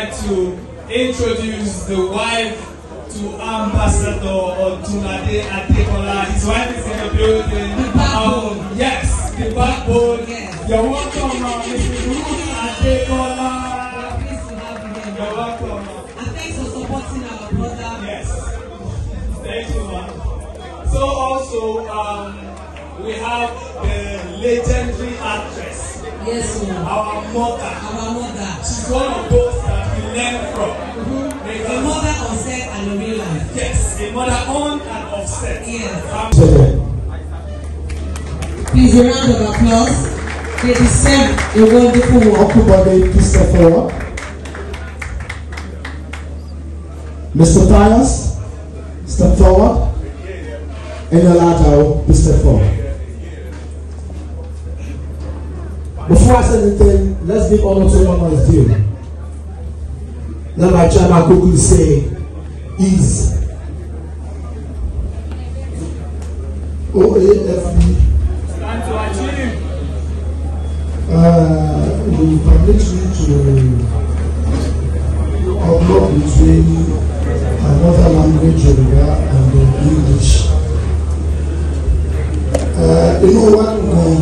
like to introduce the wife to Ambassador Odunade Adekola. His wife is in the building. The backbone. Um, yes, the backbone. Yes. You're welcome, Mr. Uh, Mrs. Ruth Adekola. We're to have you here. You're welcome. And thanks for supporting our brother. Yes. Thank you, ma'am. So also, um, we have the legendary actress. Yes, ma'am. Our mother. Our mother. She's one of those mother on and offset. Yes. Please, a round of applause. They deserve a wonderful work. Everybody, please step forward. Mr. Tyers, step forward. And your latter, please step forward. Before I say anything, let's give honor to one man's due. Let my chairman quickly say, is AFE. Stand to achieve. Uh, will permit you to upload between another language Yorùbá and English. Inú wa kan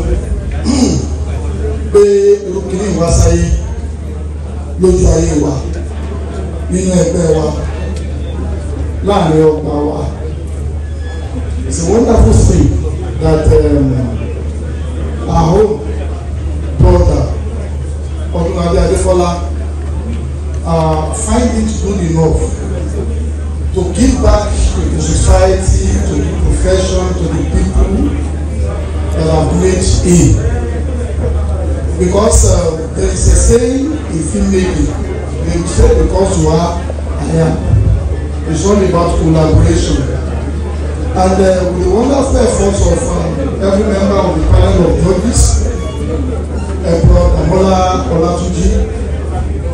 pé olùkíní wa sáyé lójú ayé wa nínú ẹgbẹ́ wa láàrin ọgbà wa. It's a wonderful thing that um, our own brother Ọdúnladé Adéfọlá uh, find it good enough to give back to the society to the profession to the people that have made him because uh, there is a saying in filmmaking they say because you are I am it's all about collaboration and uh, with the wonderful efforts of. Uh, every member of the panel of judges, Emperor Amola Olatunji,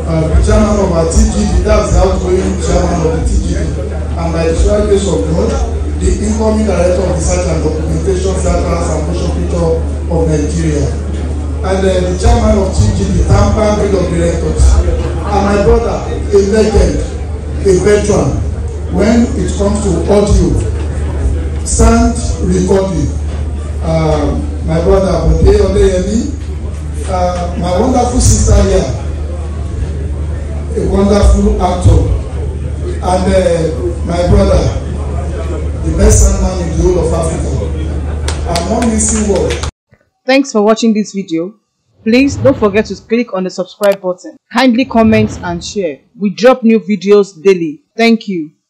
uh, chairman of our TGB, that's the outgoing chairman of the TGD, and by the sure grace of God, the incoming director of research and documentation, data and motion picture of Nigeria, and uh, the chairman of TGB, Tampa Board of Directors, and my brother, a legend, a veteran, when it comes to audio, sound recording uh, my brother Bode Oleyemi, uh, my wonderful sister here, a wonderful actor, and uh, my brother, the best man in the whole of Africa. I'm not missing word. Thanks for watching this video. Please don't forget to click on the subscribe button. Kindly comment and share. We drop new videos daily. Thank you.